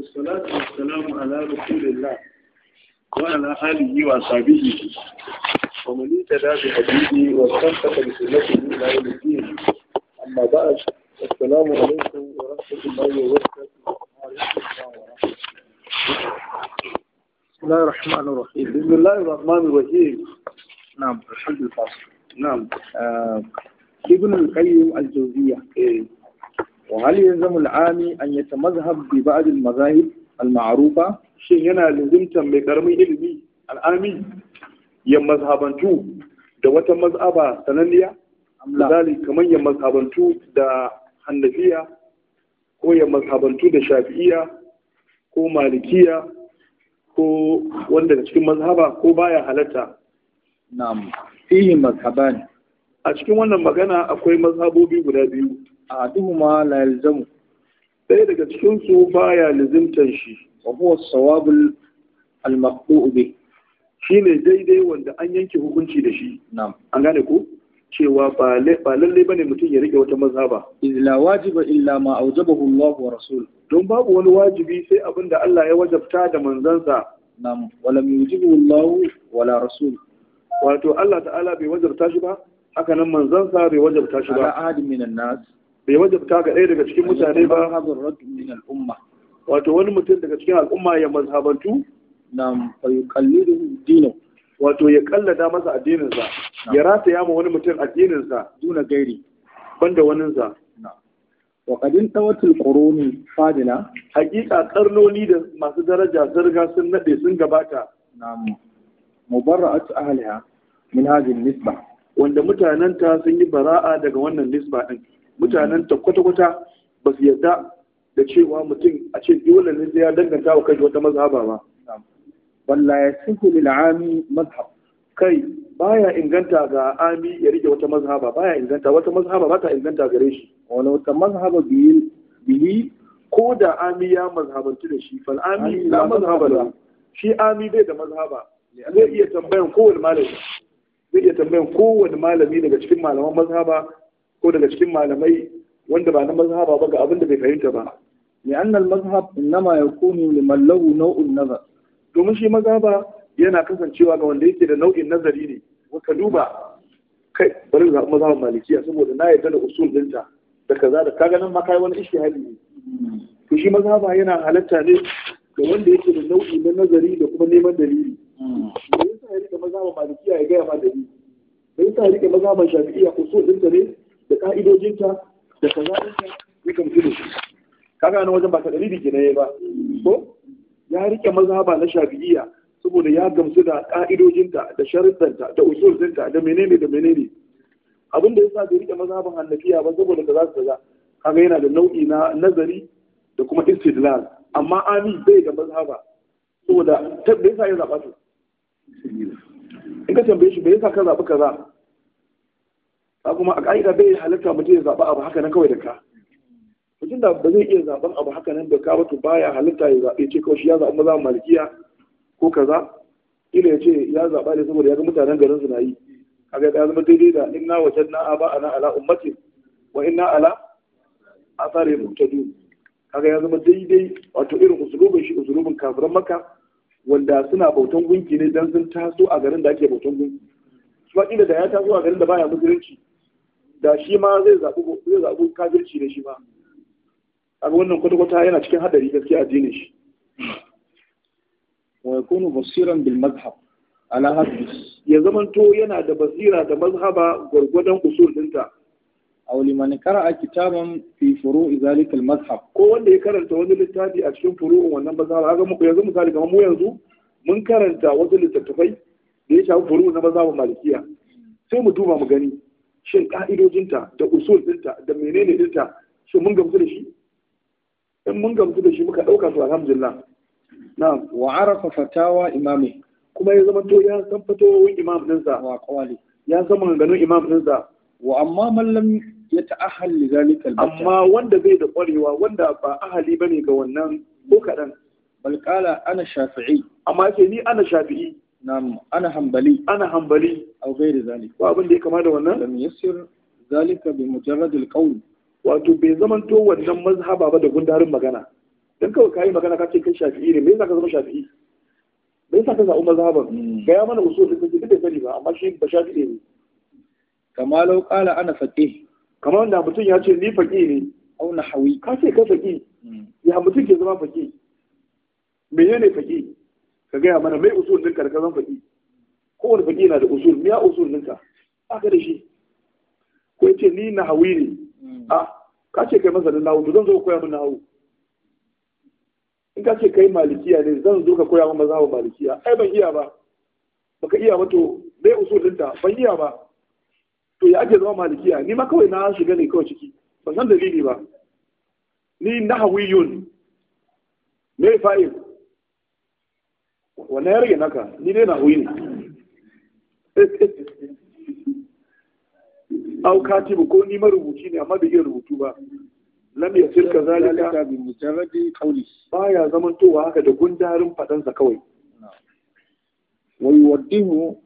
والصلاة والسلام على رسول الله وعلى آله وأصحابه ومن اهتدى بهديه واستمسك بسنته إلى يوم الدين أما بعد السلام عليكم ورحمة الله وبركاته بسم الله الرحمن الرحيم بسم الله الرحمن الرحيم نعم الحمد لله نعم آه. ابن القيم الجوزية إيه. wa hal yalzamu al'ami an yatamazhab bi ba'd al-mazahib al-ma'rufa shin yana lazimtan mai karamin ilimi al'ami ya mazhabantu da wata mazhaba sananniya misali kamar ya mazhabantu da hannafiya ko ya mazhabantu da shafi'iya ko malikiya ko wanda da cikin mazhaba ko baya halatta na'am fihi mazhaban a cikin wannan magana akwai mazhabobi guda biyu ahaduhuma la yalzamu dai daga cikin su baya lazimtan shi wa huwa sawabul al-maqbu bi shine daidai wanda an yanke hukunci da shi na'am an gane ko cewa ba lallai bane mutum ya rike wata mazhaba illa wajiba illa ma awjabahu Allah wa rasul don babu wani wajibi sai abinda Allah ya wajabta da manzansa nam wala yujibu Allah wala rasul wato Allah ta'ala bai wajabta shi ba haka nan manzansa bai wajabta shi ba ala ahadin minan nas bai wajabta ga ɗaya daga cikin mutane ba wato wani mutum daga cikin al'umma ya mazhabantu nam fayuqallidu dino wato ya kallada masa addininsa ya rataya ma wani mutum addininsa duna gairi banda waninsa wa kadin tawatul quruni fadila Hakika karnoni da masu daraja sun sun nade sun gabata nam mubarra'at ahliha min hadhihi nisba wanda mutanenta sun yi bara'a daga wannan nisba din mutanen ta kwata-kwata ba su yarda da cewa mutum a ce dole ne sai ya danganta wa kai wata mazhaba ba walla ya sihu lil ami mazhab kai baya inganta ga ami ya rike wata mazhaba baya inganta wata mazhaba ba ta inganta gare shi Wani wata mazhaba bihi bihi ko da ami ya mazhabantu da shi fal ami la mazhaba la shi ami bai da mazhaba zai iya tambayan kowane malami zai iya tambayan kowane malami daga cikin malaman mazhaba ko daga cikin malamai wanda ba na mazhaba ba ga abin da bai fahimta ba ni annal mazhab innama yakunu liman lahu naw'un nazar domin shi mazhaba yana kasancewa ga wanda yake da nau'in nazari ne waka duba kai bari ga mazhaban malikiya saboda na yadda da usul dinta da kaza da kaga nan ma kai wani hali ne to shi mazhaba yana halatta ne ga wanda yake da nau'i na nazari da kuma neman dalili me yasa ya rike mazhaban malikiya ya gaya ma dalili me yasa ya rike mazhaban shafi'iyya usul dinta ne da ka'idojinta da kazaɗinta ya gamsu da shi kaga na wajen ba ta ɗari biki na ba ko ya rike mazhaba na shafi'iyya saboda ya gamsu da ka'idojinta da sharuɗanta da usulinta da menene da menene abin da yasa bai rike mazhaban hannafiya ba saboda kaza su kaza kaga yana da nau'i na nazari da kuma istidlal amma ami bai da mazhaba saboda tabbai yasa ya zaba to in ka tambaye shi bai yasa ka zabi kaza ka kuma a ƙa'ida bai halitta mutum ya zaɓa abu haka nan kawai da ka mutum da ba zai iya zaɓan abu haka nan da ka ba baya halitta ya zaɓe ce kawai shi ya zaɓi maza malikiya ko kaza ila ya ce ya zaɓa ne saboda ya ga mutanen garin su na yi a ga ya zama daidai da inna wajen na a ana ala ummatin wa inna ala asare a kaga ya zama daidai wato irin usulubin shi usulubin kafiran maka wanda suna bautan gunki ne dan sun taso a garin da ake bautan gunki su ba da ya taso a garin da baya musulunci da shi ma zai zaɓi kafirci da shi ma ga wannan kwata-kwata yana cikin hadari gaskiya addinin shi wa yakunu basiran bil mazhab ala hadis ya zamanto yana da basira da mazhaba gwargwadon usul dinta aw liman qara'a kitaban fi furu'i zalika al mazhab ko wanda ya karanta wani littafi a cikin furu'un wannan mazhab kaga muku yanzu misali kamar mu yanzu mun karanta wasu littattafai da ya shafi furu'un na mazhabin malikiya sai mu duba mu gani shin ka'idojinta da usul dinta da menene 'dinta? shin mun gamsu da shi in mun gamsu da shi muka ɗauka su alhamdulillah na'am wa arafa fatawa imami kuma ya zama to ya san fatawoyin imam dinsa wa qawali ya san maganganun imam dinsa wa amma man lam yata'ahhal li zalika amma wanda bai da ƙwarewa wanda ba ahali bane ga wannan ko kaɗan bal qala ana shafi'i amma ke ni ana shafi'i ana hambali. Ana hambali. Au gairi zalik. Ko abin da ya kama da wannan? Lam yassir zalika bi mujarrad al Wato bai zaman to wannan mazhaba ba da gundarin magana. Dan kawai kai magana kake kai shafi'i ne, me yasa ka zama shafi'i? Me yasa ka zaɓi mazhaban? Hmm. Ga ya mana usul din da bai sani ba, amma shi ba shafi'i ne. Kama lau qala ana faqih. Kamar wanda mutum ya ce ni faqih ne. Au nahawi. Ka ce kai faqih. Hmm. Ya mutum ke zama faqih. Menene faqih? ka gaya mana mai usul ɗinka da kazan faɗi kowane faɗi yana da usul miya usul ɗinka A ka da shi ko ya ce ni na hawi ne hmm. a ka ce kai masa da nawu to zan zo koya min nahu in ka ce kai malikiya ne zan zo ka koya min mazhabu malikiya ai ban iya ba baka iya ba to mai usul ɗinta ban iya ba to ya ake zama malikiya ni ma kawai na shiga ne kawai ciki ban san dalili ba ni na hawiyun mai fa'il wane ya rage naka ni dai na huyi ne au katibu ko ni marubuci ne amma bai iya rubutu ba lam yasir zalika bi mujarradi qawli baya zamantowa haka da gundarin sa kawai wa yuwaddihu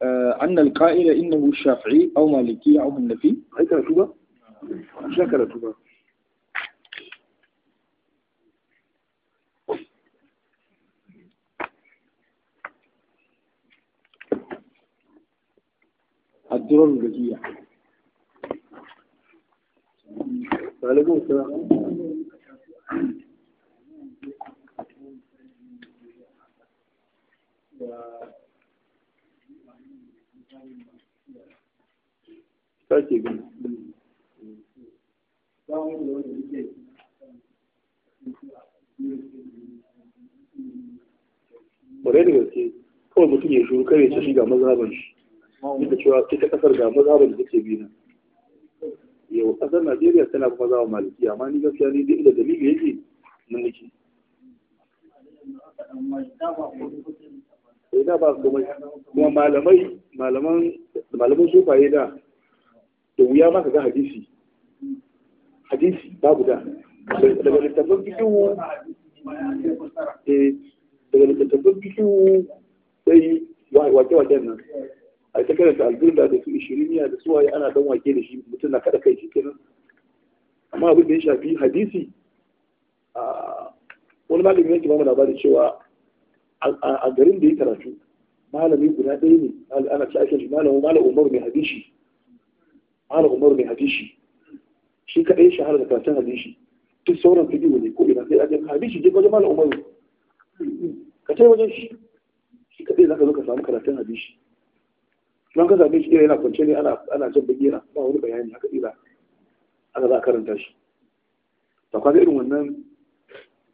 eh, anna al-qa'ila innahu shafi'i aw maliki aw hanafi ai karatu ba shakara tuba الدرر الرجية وعليكم السلام da gaske, kawai mutum ya shuru kare shi ga mazhaban shi. duk da cewa ita kasar ga mazhaban da take bi nan yau kasar Najeriya tana kuma zawa maliki amma ni gaskiya ni duk da dalili yake mun nake sai eh, da ba komai kuma malamai malaman malaman sufaye da da wuya ma ka ga hadisi hadisi babu da daga littattafan bidiyo eh, daga littattafan bidiyo sai wake-waken nan a ta karanta algirda da su ishiriniya da suwaye ana dan wake da shi mutum na kada kai shi kenan amma abin da ya shafi hadisi wani malamin yanki ba mu labarin cewa a garin da ya karatu malami guda ɗaya ne ana ci ake malamin malam Umaru mai hadishi malam Umaru mai hadishi shi kaɗai shahara da karatun hadishi duk sauran fidiyo ne ko ina sai a jin hadishi je wajen malam Umaru? ka tai wajen shi shi kaɗai za ka zo ka samu karatun hadishi don ka same shi ira yana kwance ne ana jan baki yana ba wani bayani haka ila ana za a karanta shi to kaga irin wannan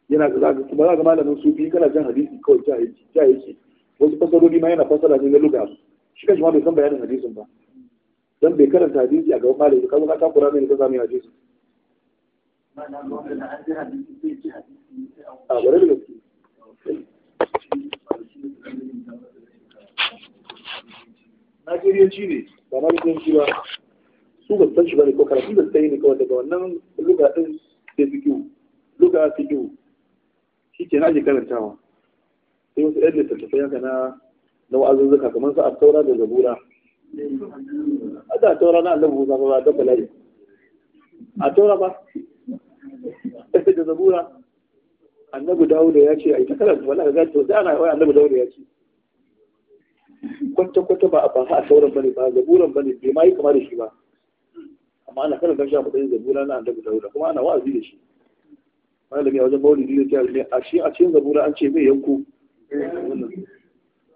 yana za ka kuma za ga malamin sufi kana jan hadisi kawai ta yake ja yake wasu fasarori ma yana fasara ne na lugha shi kanshi ma bai san bayanin hadisin ba dan bai karanta hadisi a gaban malami kaga ka takura ne ka sami hadisi a bare da gaske najeriyanci ne ba na najeriyanci ba su ba san shi ba ne ko karfi da sai ne kawai daga wannan luga da sai fikiyu luga fikiyu shi ke nake karantawa sai wasu yan littattafai haka na na wa'azuzzuka kamar su taura da zabura a da taura na annabu musa ba da bala'i taura ba da zabura annabu dawuda ya ce yi ta karanta wallahi ga to da ana wai annabu dawuda ya ce kwata-kwata ba a faha a sauran bane ba zaburan bane bai ma yi kama da shi ba amma ana kana gashi a matsayin zabura na annabi dauda kuma ana wa'azi da shi malami a wajen maulidi da tiyar ne a shi a cikin zabura an ce mai yanko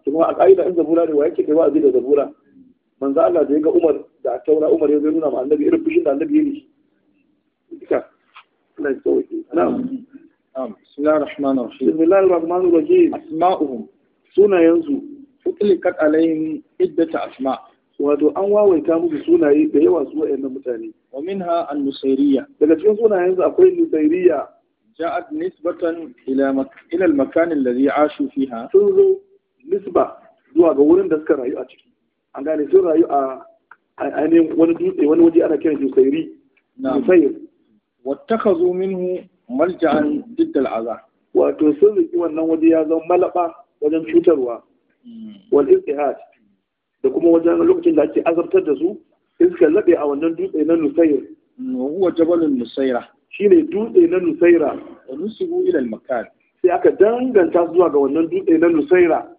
kuma a ƙa'ida in zabura ne wa yake kai wa'azi da zabura manzo Allah da ya ga Umar da a taura Umar ya nuna ma annabi irin fushin da annabi ya yi duka Allah ya tsawaye na'am بسم الله الرحمن الرحيم بسم الله الرحمن الرحيم أسماؤهم سنة ينزو utlikat alaihim iddata asma wato an wawaita musu sunaye da yawa su wayannan mutane wa minha an nusairiya daga cikin sunayen su akwai nusairiya ja'at nisbatan ila ila al-makan alladhi 'ashu fiha sun zo nisba zuwa ga wurin da suka rayu a ciki an gane sun rayu a ainihin wani dutse wani waje ana kiran nusairi nusair wattakhazu minhu malja'an diddal azab wato sun riki wannan waje ya zama malaba wajen cutarwa wal istihad da kuma wajen lokacin da ake azabtar da su in laɓe a wannan dutse na nusayir mm, huwa jabalun Shi shine dutse na nusaira wa nusibu ila al makan sai aka danganta zuwa ga wannan dutse na nusaira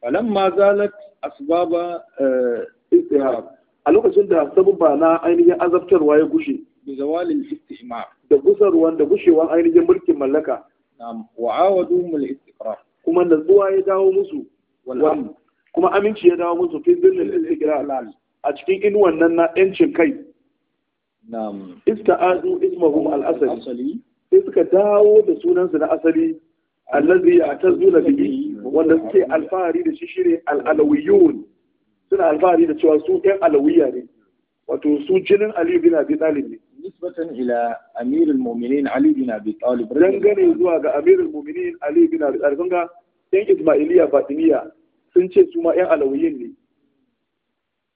falan ma zalat asbaba eh, istihab a lokacin da sabubba na ainihin azabtarwa ya gushe bi zawalin istihmar da gusarwan da gushewan ainihin mulkin mallaka na'am wa awaduhum istiqrar kuma nazuwa ya dawo musu kuma aminci ya dawo musu fi dhillil istiqlal a cikin inuwan wannan na yancin kai na'am ista'adu ismahum al asali sai dawo da sunansu na asali allazi ya'tazuna bihi wanda suke alfahari da shi shine al alawiyun suna alfahari da cewa su ɗan alawiya ne wato su jinin Ali bin Abi Talib ne nisbatan ila amirul mu'minin Ali bin Abi Talib dangane zuwa ga amirul mu'minin Ali bin Abi Talib kunga ɗan Ismailiya Fatimiya sun ce su ma 'yan alawiyin ne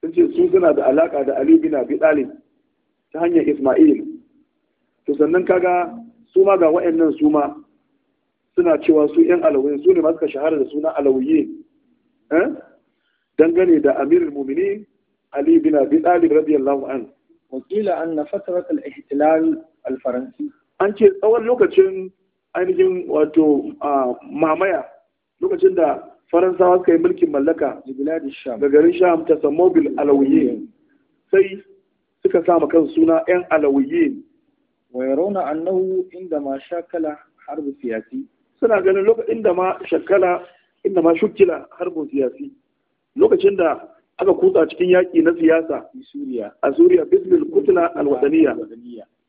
sun ce su suna da alaka da Ali bin Abi Talib ta hanyar Ismail to sannan kaga su ma ga wa'annan su ma suna cewa su 'yan alawiyin su ne ma suka shahara da suna alawiyi eh dangane da Amirul Mu'minin Ali bin Abi Talib radiyallahu wa qila anna fatrat al-ihtilal al-faransi an ce tsawon lokacin ainihin wato mamaya lokacin da faransawa suka yi mulkin mallaka ga garin sham ta samobil alawiyin sai suka sama kan suna yan alawiyin wa yarawna annahu inda ma shakala harbu siyasi suna ganin lokacin da ma shakala inda ma shukila harbu siyasi lokacin da aka kutsa cikin yaƙi na siyasa a suriya bismil kutla alwadaniya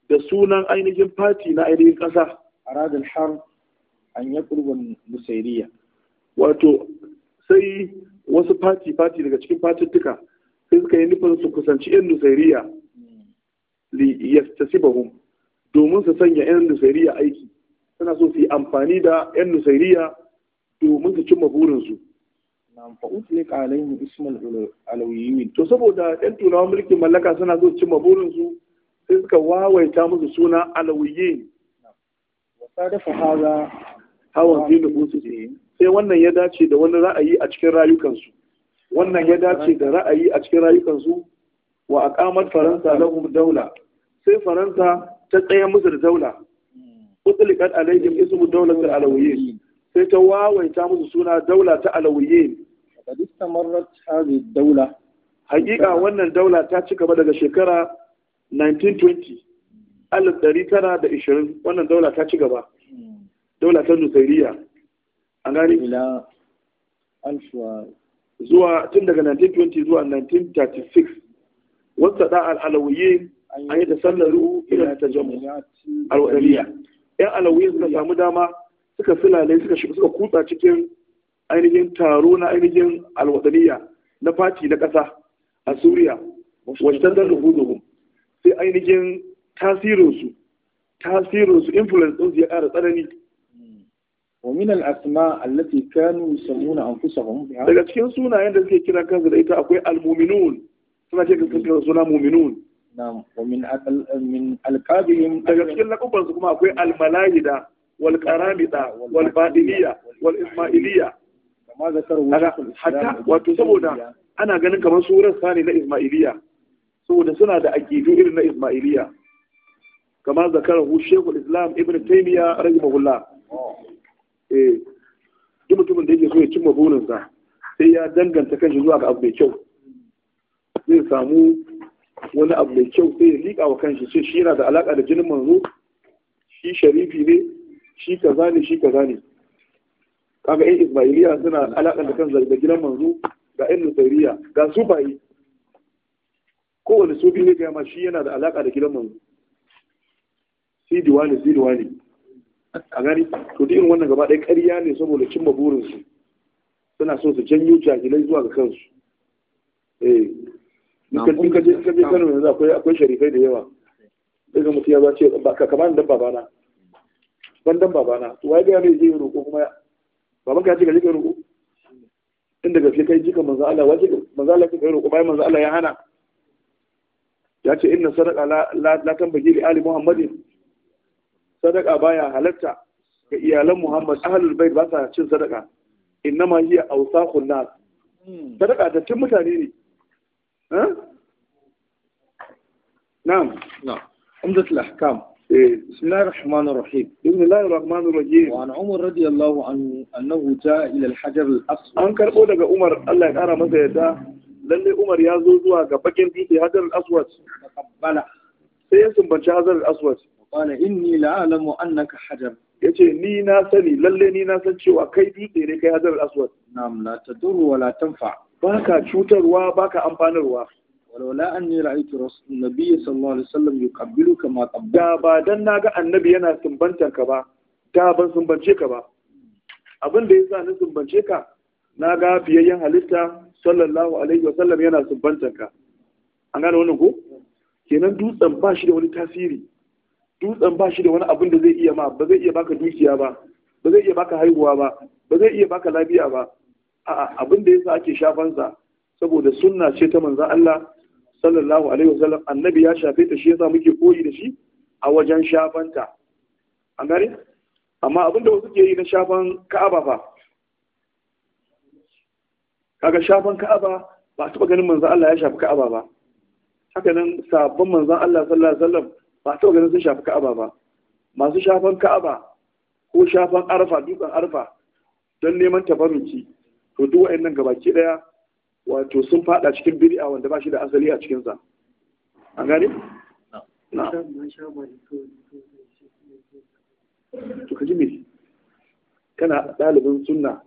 da sunan ainihin fati na ainihin ƙasa A aradul har an yaqulbu musairiya wato sai wasu fati fati daga cikin fatittuka sai suka yi nufin su kusanci yan nusairiya li yaftasibahum domin su sanya yan nusairiya aiki suna so su yi amfani da yan nusairiya domin su cimma burinsu nan fa utlik alaihim ismul alawiyin to saboda yan tunawa mulkin mallaka suna so su cimma burinsu sai suka wawaita musu suna alawiyin wa sadafa haza hawan fi nufusu sai wannan ya dace da wani ra'ayi a cikin rayukansu wannan ya dace da ra'ayi a cikin rayukansu wa aqamat faransa lahum daula sai faransa ta tsaya musu da daula utliqat alaihim ismu daulat alawiyyin sai ta wawaita musu suna daula ta alawiyyin qad istamarrat hadhihi daula haqiqa wannan daula ta ci gaba daga shekara 1920 1920 wannan daula ta ci gaba hmm. daula ta nusairiya an gane ila alfuwa zuwa tun daga 1920 zuwa 1936 wata da al'alawiyye an yi ruhu ila jamu alwadariya yan alawiyye suka samu dama suka silale suka suka kutsa cikin ainihin taro na ainihin alwadariya na fati na ƙasa a suriya wajen da rubutu sai ainihin tasirinsu tasirinsu influence ɗinsu ya ƙara tsanani ومن الأسماء التي كانوا يسمون أنفسهم بها daga cikin sunayen da suke kira kansu da ita akwai al suna ce kansu suna mu'minun daga cikin lakuban su kuma akwai al-malahida wal qaramida wal wato saboda ana ganin kamar surar sani na ismailiya saboda suna da aqidu irin na ismailiya kama Zakar shaykhul islam ibn taymiya rahimahullah oh. eh duk mutumin da yake so ya cimma burinsa sai ya danganta kanshi zuwa ga abu mai kyau zai samu wani abu mai kyau sai ya liƙa wa kanshi sai shi yana da alaƙa da jinin manzo shi sharifi ne shi kaza ne shi kaza ne kaga yan ismailiya suna alaƙa da kansu da gidan manzo ga yan nusairiya ga sufayi kowane sufi ne ga ma shi yana da alaƙa da gidan manzo si diwani si diwani a gani to irin wannan gaba ɗaya ƙarya ne saboda cimma burinsu suna so su janyo jahilai zuwa ga kansu eh in ka je kano yanzu akwai sharifai da yawa daga mutu ya zace kamar da babana ban dan babana to wai ga mai je roƙo kuma baban ka ce ka je ka roƙo inda gaske kai jika manzo Allah wace manzo Allah ka roƙo bai manzo Allah ya hana ya ce inna sadaqa la la tanbaji li ali muhammadin sadaka baya halarta ga iyalan Muhammad ahlul bait ba sa cin sadaka innama hiya awsaqun nas sadaka da tun mutane ne na'am na'am umdatul ahkam بسم الله الرحمن الرحيم بسم الله الرحمن الرحيم وعن عمر رضي الله عنه أنه جاء إلى الحجر الأسود أن كربو دقى عمر الله يقرأ ماذا يدا للي عمر يازوزوا قبكين في الحجر الأسود تقبله سيسم بنش حجر الأسود qala inni la'alamu annaka hajar yace ni na sani lalle ni na san cewa kai dutse ne kai hajar al-aswad na'am la tadur wa la tanfa baka cutarwa baka amfanarwa walaula anni ra'aytu rasul nabiy sallallahu alaihi wasallam yuqabbiluka ma qabba da ba dan naga annabi yana sumbantar ka ba da ban sumbance ka ba abin da yasa ni sumbance ka naga biyayyen halitta sallallahu alaihi wasallam yana sumbantar ka an gane wannan ko kenan dutsen ba shi da wani tasiri dutsen ba shi da wani abin da zai iya ma ba zai iya baka dukiya ba ba zai iya baka haihuwa ba ba zai iya baka lafiya ba a'a abin da yasa ake shafan sa saboda sunna ce ta manzo Allah sallallahu alaihi wasallam annabi ya shafe ta shi yasa muke koyi da shi a wajen shafanta an gari. amma abin da wasu ke yi na shafan Ka'aba fa kaga shafan Ka'aba ba a taba ganin manzo Allah ya shafi Ka'aba ba haka nan sabon manzo Allah sallallahu alaihi wasallam ba a taɓa ganin sun shafi ka'aba ba masu shafan ka'aba ko shafan arfa dutsen arfa don neman tabarruki to duk wa'annan gabaki daya wato sun fada cikin bid'a wanda ba shi da asali a cikinsa an gane na to kaji me kana dalibin sunna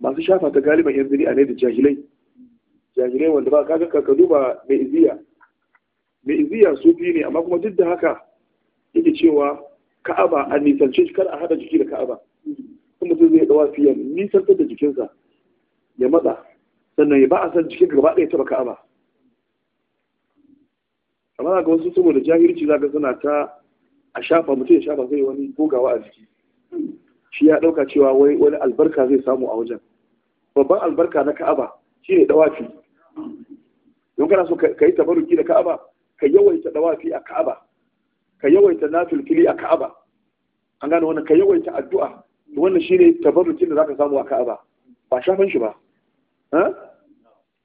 masu shafa ta galiban yan bid'a ne da jahilai jahilai wanda ba kaga ka duba mai iziya mai iziya sufi ne amma kuma duk da haka yake cewa ka'aba a nisance shi kar a hada jiki da ka'aba kuma mutum zai dawa fiye nisantar da jikinsa ya matsa sannan ya ba a san jikin gaba ɗaya taba ka'aba amma ga wasu saboda jahilci za ka suna ta a shafa mutum ya shafa zai wani gogawa a jiki shi ya ɗauka cewa wai wani albarka zai samu a wajen babban albarka na ka'aba shi ne dawafi don kana so ka yi tabaruki da ka'aba ka yawaita dawafi a Ka'aba ka yawaita nafilfili a Ka'aba an gane wannan ka yawaita addu'a wannan shine tabarrukin da zaka samu a Ka'aba ba shafan shi ba ha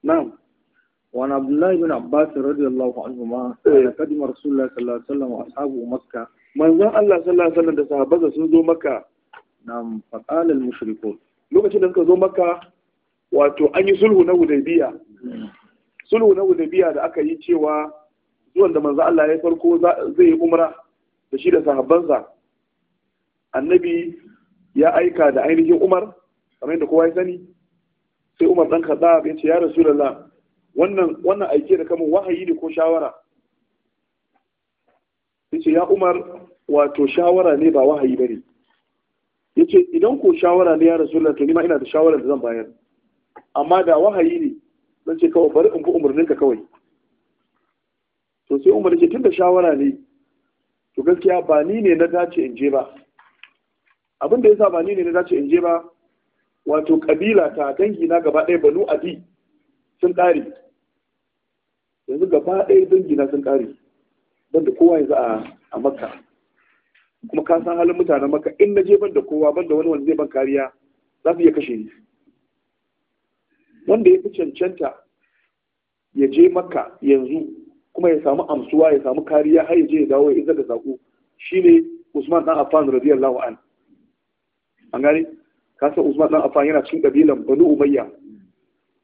na'am wa عبد abdullahi بن abbas radiyallahu anhu ma eh. kadima rasulullahi sallallahu alaihi wasallam wa ashabu makka مكه allah sallallahu alaihi wasallam da sahabbansa sun zo makka nam faqal al mushrikun lokacin da suka zo makka wato an yi sulhu na hudaybiya hmm. sulhu na hudaybiya da aka yi cewa zuwan da manzo Allah ya farko zai yi umra da shi da sahabbansa annabi ya aika da ainihin Umar kamar yadda kowa ya sani sai Umar dan kaza ya ce ya Rasulullah wannan wannan aike da kamar wahayi ne ko shawara yace ya Umar wato shawara ne ba wahayi bane yace idan ko shawara ne ya Rasulullah to ni ma ina da shawara da zan bayar amma da wahayi ne zan ce kawai bari in bi umarninka kawai to sai umar ce tun da shawara ne to gaskiya ba ni ne na dace in je ba abin da yasa ba ni ne na dace in je ba wato kabila ta dangi na gaba ɗaya banu adi sun ƙare yanzu gaba ɗaya dangi na sun ƙare ban da kowa yanzu a makka kuma ka san halin mutanen makka in na je ban da kowa ban da wani wanda zai ban kariya za su iya kashe ni wanda ya fi cancanta ya je makka yanzu kuma ya samu amsuwa ya samu kariya har ya je ya dawo ya isa da sako shine Usman dan Affan radiyallahu an an gani kasa Usman dan Affan yana cikin kabilan Banu Umayya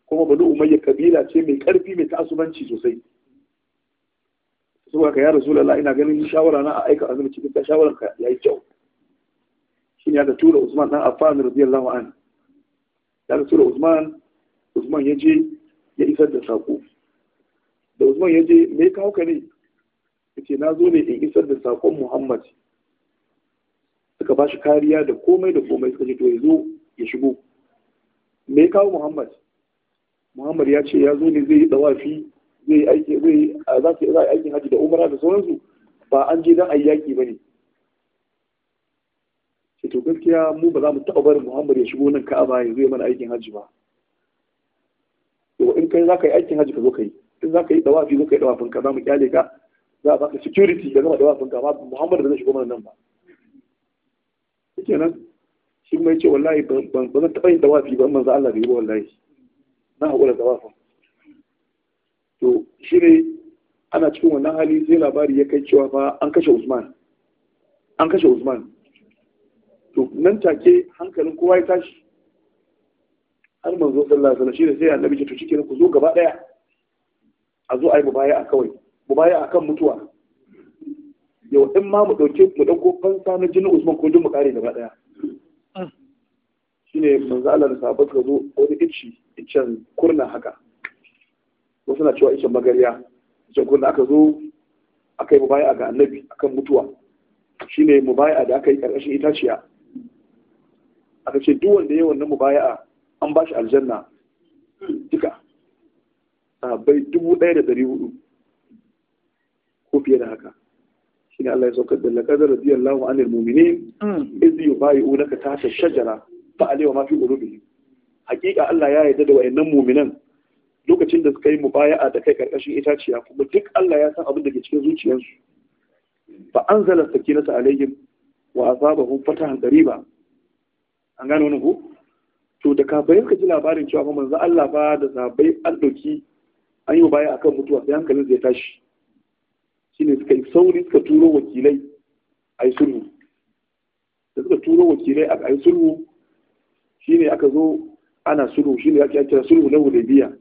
kuma Banu Umayya kabila ce mai karfi mai ta'asubanci sosai saboda ka ya Rasulullah ina ganin shawara na a aika azumi cikin ta shawaran ka yayi kyau shine aka tura Usman dan Affan radiyallahu an daga tura Usman Usman ya je ya isar da sako da usman ya je me kawo ka ne yace na zo ne in isar da sakon muhammad suka ba shi kariya da komai da komai suka ce to ya zo ya shigo me ya kawo muhammad muhammad ya ce ya zo ne zai yi dawafi zai aiki zai za su yi aikin haji da umara da sauransu ba an je don a yaƙi ba ne ce to gaskiya mu ba za mu taɓa barin muhammad ya shigo nan ka'aba ya zo mana aikin haji ba to in kai za ka yi aikin haji ka zo ka yi in za ka yi dawafi zo kai yi dawafin ka za mu kyale ka za a baka security da zama dawafin ka amma Muhammadu bai zai shigo mana nan ba nan shi mai ce wallahi ban zan taɓa yin dawafi ba manzo Allah bai yi ba wallahi na haƙura dawafin to shi ne ana cikin wannan hali sai labari ya kai cewa fa an kashe Usman an kashe Usman to nan take hankalin kowa ya tashi har manzo sallallahu alaihi wasallam shi ne sai annabi ya to shikenan ku zo gaba daya a zo a yi mubaya a kawai mubaya a kan mutuwa yau in ma mu ɗauke mu dauko fansa na jinin usman ko mu kare gaba daya shine manzo Allah da sahabbai ka zo wani ichi iccen kurna haka wasu na cewa iccen magariya iccen kurna aka zo aka yi mubaya ga annabi akan mutuwa shine mubaya da aka yi karkashin itaciya aka ce duk wanda ya wannan mubaya'a an ba shi aljanna duka sahabbai dubu ɗaya da ɗari hudu ko fiye da haka ne Allah ya saukar da laqad radiyallahu anil mu'minin mm. iz yubayi'unaka tasha shajara fa alayhi ma fi qulubihim hakika Allah ya yarda da wayannan mu'minan lokacin da suka yi mu a da kai karkashin itaciya kuma duk Allah ya san abin da ke cikin zuciyarsu fa anzala sakinata alaihim wa asabahum fatahan qariba an gano wannan ku? to da kafin ka ji labarin cewa fa manzo Allah ba da zabai an doki an yi wa baya akan mutuwa sai hankalin zai tashi ne suka yi sauri suka turo wakilai a yi sulhu da suka turo wakilai a yi sulhu shine aka zo ana sulhu ne ake kira sulhu na hudaybiya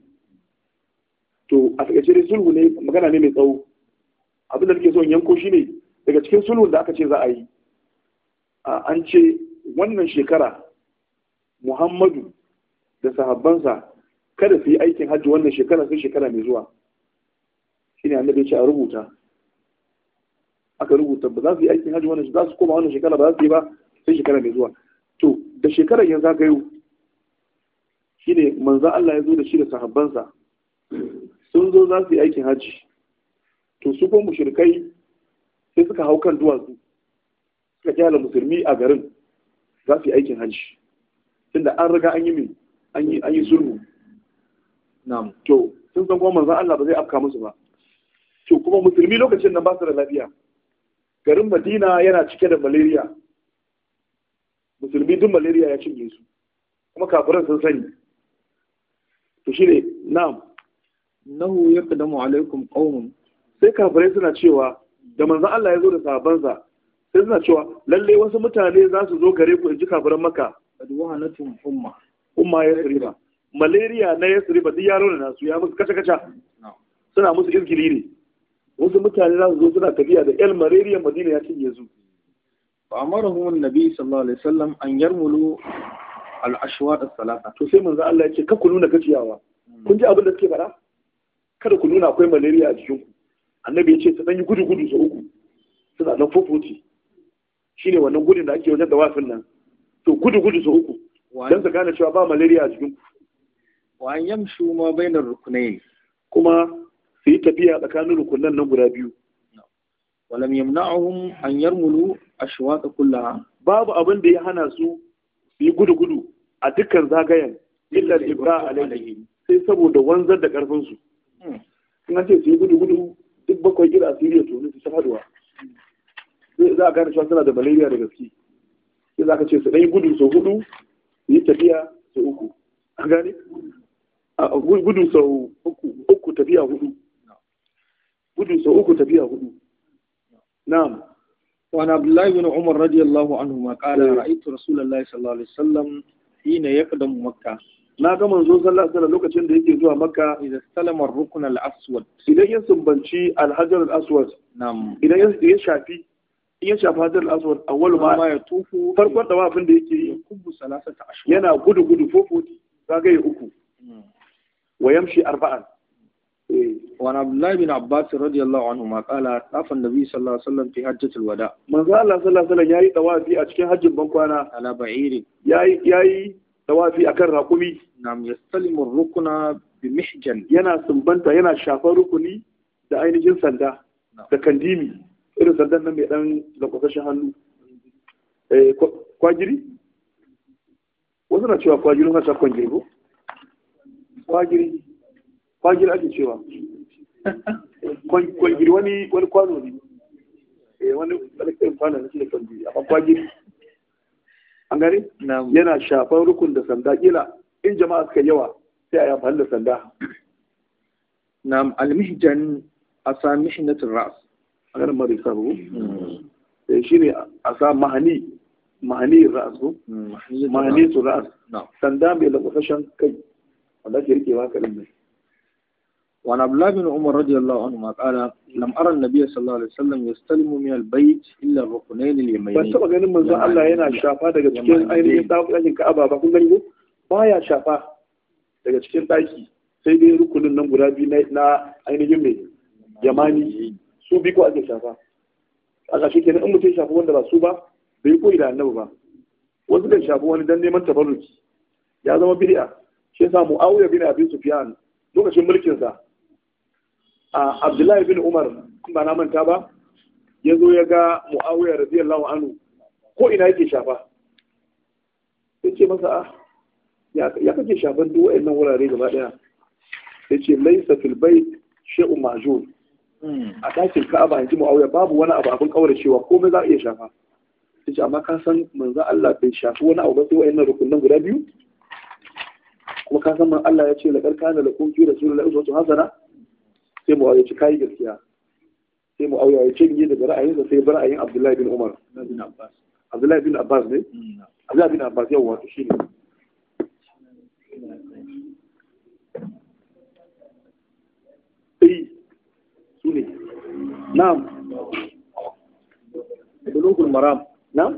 to a takaice dai sulhu ne magana ne mai tsawo abin da nake so in yanko shine daga cikin sulhun da aka ce za a yi an ce wannan shekara muhammadu da sahabbansa kada su yi aikin hajji wannan shekara sai shekara mai zuwa ne annabi ya ce a rubuta aka rubuta ba za su yi aikin hajji wannan za su koma wannan shekara ba za su yi ba sai shekara mai zuwa to da shekarar yanzu aka shi ne manzan Allah ya zo da shi da sahabbansa sun zo za su yi aikin hajji to su ko mushrikai sai suka hau kan duwatsu suka kyala musulmi a garin za su yi aikin hajji tunda an riga an yi min an yi sulhu na'am to sun san kuma manzon Allah ba zai afka musu ba to kuma musulmi lokacin nan ba su da lafiya garin Madina yana cike da malaria musulmi duk malaria ya cinye su kuma kafiran sun sani to shi ne na'am nahu yaqdamu alaikum qaumun sai kafirai suna cewa da manzon Allah ya zo da sahabbansa sai suna cewa lalle wasu mutane za su zo gare ku in ji kafiran maka adwa hanatum umma umma ya riba malaria na yasri ba duk yaro da nasu ya musu kaca kaca suna musu izgili ne wasu mutane za su zo suna tafiya da el malaria madina ya cinye su fa amarahum annabi sallallahu alaihi wasallam an yarmulu al-ashwaq as-salata to sai manzo Allah yake ka ku nuna gajiyawa kun ji abin da suke fara? kada ku nuna akwai malaria a jikin ku annabi ya ce ta dan yi gudu gudu sau uku suna nan fofoti shine wannan gudun da ake wajen da wafin nan to gudu gudu sau uku don su gane cewa ba malaria a jikin ku wa an yamshu ma bainar rukunai kuma su yi tafiya tsakanin rukunan nan guda biyu walam yamna'uhum an yarmulu ashwaqa kullaha babu abin da ya hana su su yi gudu gudu a dukkan zagayen illa ibra alaihi sai saboda wanzar da karfin su hmm. in ce su yi gudu gudu duk bakwai gida su yi to su Sai za a gane cewa suna da malaria da gaske sai za ka ce su ɗan gudu sau hudu su yi tafiya sau uku an gane gudu sau uku tafiya hudu gudu sau uku tafiya hudu na'am وعن عبد الله بن عمر رضي الله عنهما قال رأيت رسول الله صلى الله عليه وسلم حين يقدم مكة na ga manzo sallallahu alaihi lokacin da yake zuwa makka idan salama ar-rukn idan ya sumbanci al-hajar idan ya shafi in ya shafi hajar al-aswad awwal ma ya tufu farkon da wafin da yake yi yana gudu gudu uku hmm. ويمشي أربعا arba'an وعن عبد الله بن عباس رضي الله عنهما قال طاف النبي صلى الله عليه وسلم في حجة الوداع من قال الله صلى الله عليه وسلم ياي طوافي أشكي حج بنكوانا على بعير ياي ياي طوافي أكر رقمي نعم يستلم الركن بمحجن ينا سنبنتا ينا شافا ركني da ainihin sanda da kandimi كنديمي sandan nan نمي dan lakwasashen hannu kwagiri wasu na cewa kwagiri na shafon kwagiri kwagiri ake cewa kwagiri wani wani kwano ne eh wani ɗalibin kwano ne da kwagiri amma kwagiri an gani yana shafan rukun da sanda kila in jama'a suka yawa sai a yi amfani da sanda na'am almihjan asa mihnatul ras a garin mari sabu hmm. eh shine asa mahani mahani ras hmm, mahani ras sanda mai lakwasashen kai wanda ke rike maka din nan وعن عبد الله بن عمر رضي الله عنهما قال لم ارى النبي صلى الله عليه وسلم يستلم من البيت الا الركنين اليمينين بس تبقى ganin manzon Allah yana shafa daga cikin ainihin dakin Ka'aba ba kun gani ko baya shafa daga cikin ɗaki, sai dai rukunin nan guda biyu na ainihin mai yamani su bi ko ake shafa a ƙarshe kenan in mutum shafa wanda ba su ba bai koyi da annabi ba wasu kan shafa wani dan neman tabarruki ya zama bid'a shi yasa muawiya bin abi sufyan lokacin mulkin sa a abdullahi bin umar ba na manta ba ya zo ya ga muawiya radiyallahu anhu ko ina yake shafa sai ce masa ah ya kake shafan duk wa'annan wurare gaba daya sai ce laisa fil bait shay'un majur hmm. a dakin ka'aba yanzu muawiya babu wani abu abin cewa komai za a iya shafa sai amma ka san manzo Allah bai shafi wani abu ba sai wa'annan rukunin guda biyu kuma ka san Allah ya ce la karka da lakunki da sura sallallahu alaihi hasana sai muawiya ce kai gaskiya sai muawiya ya cinye daga sa sai ra'ayin Abdullahi bin Umar Abdullahi bin Abbas ne Abdullahi bin Abbas hmm. yawa shi ne eh, su sune na'am bulugul maram na'am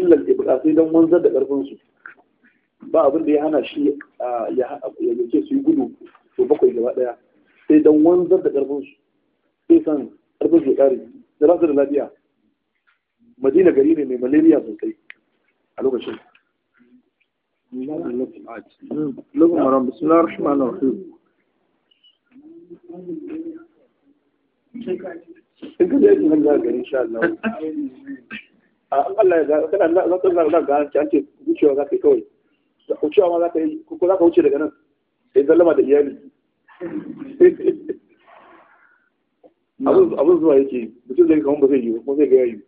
illal ibqa sai dan wanzar da karfin su ba abin da ya hana shi ya yake su yi gudu to bakwai gaba daya sai don wanzar da karfin su sai san karfin su kare da rasu da lafiya madina gari ne mai malaria sosai a lokacin in ka je kin ga gari Allah an Allah ya ga kana za ka za ka an ce an ce wucewa za yi kawai wucewa ma za yi ko za ka wuce daga nan sai zallama da iyali abin zuwa yake mutum zai kama ba zai yi ba zai ga yayi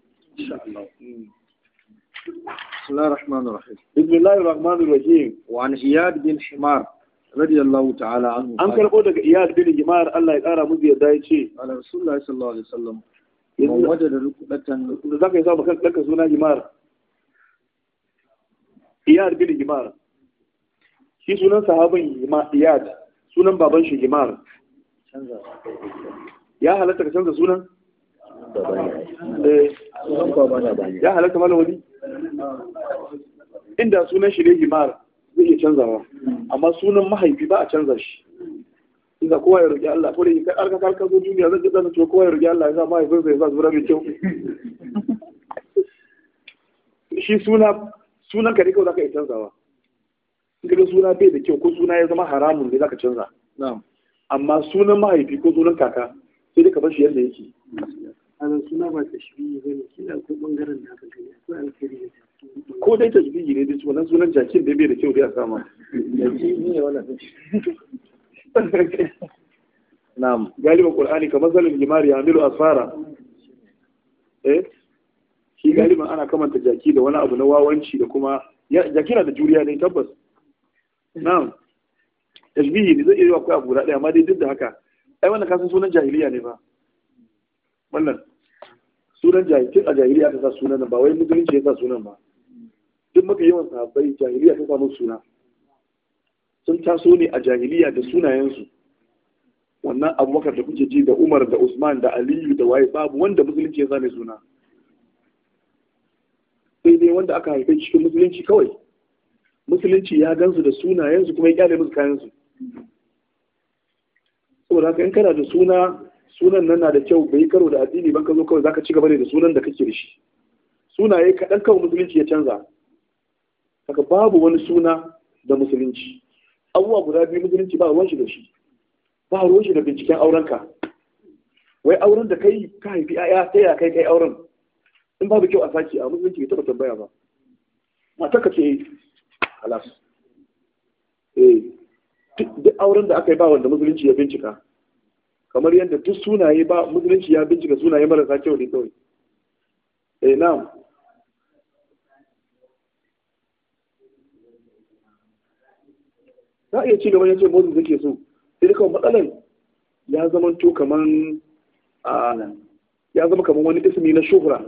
بسم الله الرحمن الرحيم بسم الله الرحمن الرحيم وعن إياد بن حمار رضي الله تعالى عنه أنكر قولك إياد بن حمار الله يقرأ مذي يدايتي على رسول الله صلى الله عليه وسلم wadda da rukudatan da za ka yi samun kanka suna himar iyad bin himar shi sunan sahabin iyad sunan baban shi himar ya halatta ka canza sunan eh. ya halatta mana wani inda sunan shi ne himar zai iya canzawa amma sunan mahaifi ba a canza shi Iza kowa ya roƙi Allah, ko da kai alka kalka zo duniya zan zan ce kowa ya roƙi Allah ya sa mahaifin zai zai zura mai kyau. Shi suna sunan ka ne kawai zaka yi canzawa. gidan suna bai da kyau ko suna ya zama haramun ne zaka canza. Amma sunan mahaifi ko sunan kaka sai dai ka bar shi yadda yake. Ana suna ba ta shi ba ne da ko bangaren da aka gani ko alkhairi da ko dai ta shi ne dai wannan sunan jakin da bai da kyau dai a sama. Jaki ne wannan. na'am galiba qur'ani kamar zalil jimari yamilu asfara eh shi galiban ana kamanta jaki da wani abu na wawanci da kuma jaki na da juriya ne tabbas na'am tashbihi ne zai iya akwai abu guda ɗaya amma dai duk da haka ai wannan kasan sunan jahiliya ne ba wannan sunan jahiliya a jahiliya ta sa sunan ba wai musulunci ya sa sunan ba duk maka yawan sahabbai jahiliya ta samu suna sun taso ne a jahiliya da sunayensu wannan abubakar da kuke ji da umar da usman da aliyu da waye babu wanda musulunci ya zane suna sai dai wanda aka haife cikin musulunci kawai musulunci ya gansu da sunayensu kuma ya kyale musu kayansu saboda haka in kana da suna sunan nan na da kyau bai karo da addini ban ka zo kawai zaka ci gaba ne da sunan da kake da shi sunaye kaɗan kawai musulunci ya canza haka babu wani suna da musulunci abubuwa guda biyu musulunci ba ruwan shi da shi ba ruwan shi da binciken aurenka wai auren da kai ka haifi 'ya'ya ta ya kai kai auren in babu kyau a saki a musulunci bai taɓa tambaya ba mata ka ce halas eh, duk auren da aka yi ba wanda musulunci ya bincika kamar yadda duk sunaye ba musulunci ya bincika sunaye marasa kyau ne kawai eh na'am za a iya ci gaba yace Moses zake so sai dai kawai ya zama to kaman ya zama kaman wani ismi na shuhura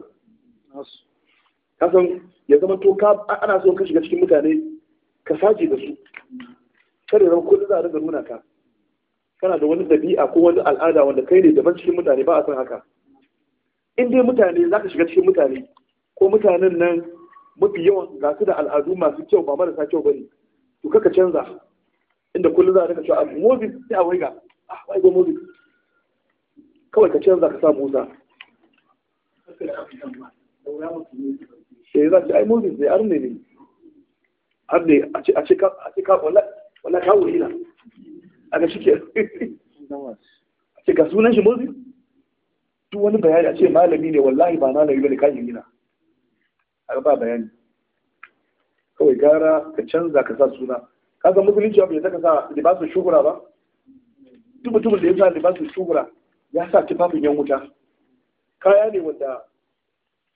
kasan ya zama to ka ana so ka shiga cikin mutane ka saje da su kada zama kullum za a daga nuna ka kana da wani dabi'a ko wani al'ada wanda kai ne daban cikin mutane ba a san haka in dai mutane za ka shiga cikin mutane ko mutanen nan mafi yawan ga su da al'adu masu kyau ba marasa kyau ba ne to kaka canza inda kullum za a daga cewa abu sai a waiga ah wai go moses kawai ka canza ka sa musa eh za ce ai moses sai arne ne arne a ce a ce ka a ce ka wala wala ka wuri na a ga shike a ce ka sunan shi moses duk wani bayani a ce malami ne wallahi ba malami bane ka yi na a ba bayani kawai gara ka canza ka sa suna kaga musulunci bai saka sa libasin shugura ba duk mutumin da ya sa libasin shugura ya sa tufafin yan wuta kaya ne wanda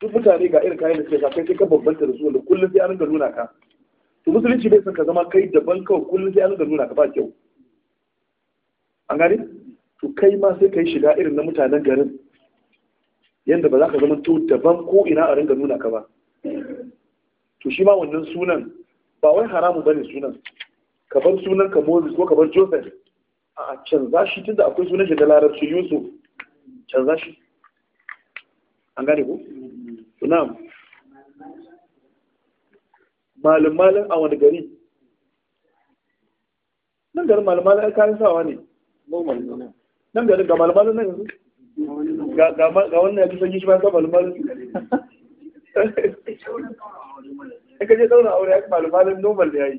duk mutane ga irin kayan da suke sa kai sai ka bambanta da su wanda kullum sai an ga nuna ka to musulunci bai saka zama kai daban kawai kullum sai an ga nuna ka ba kyau an gani, to kai ma sai ka yi shiga irin na mutanen garin yadda ba za ka zama to daban ko ina a ringa nuna ka ba to shi ma wannan sunan ba wai haramu bane sunan ka bar sunan ka Moses ko ka bar Joseph a za shi tunda akwai sunan shi da larabci Yusuf za shi an gane ko na'am malam malam a wani gari nan garin malam malam ai kayan sawa ne nan garin ga malam malam nan yanzu ga wannan ya fi sanyi shi ma ka malam malam in ka je daura aure ya malam malam normal ya yi.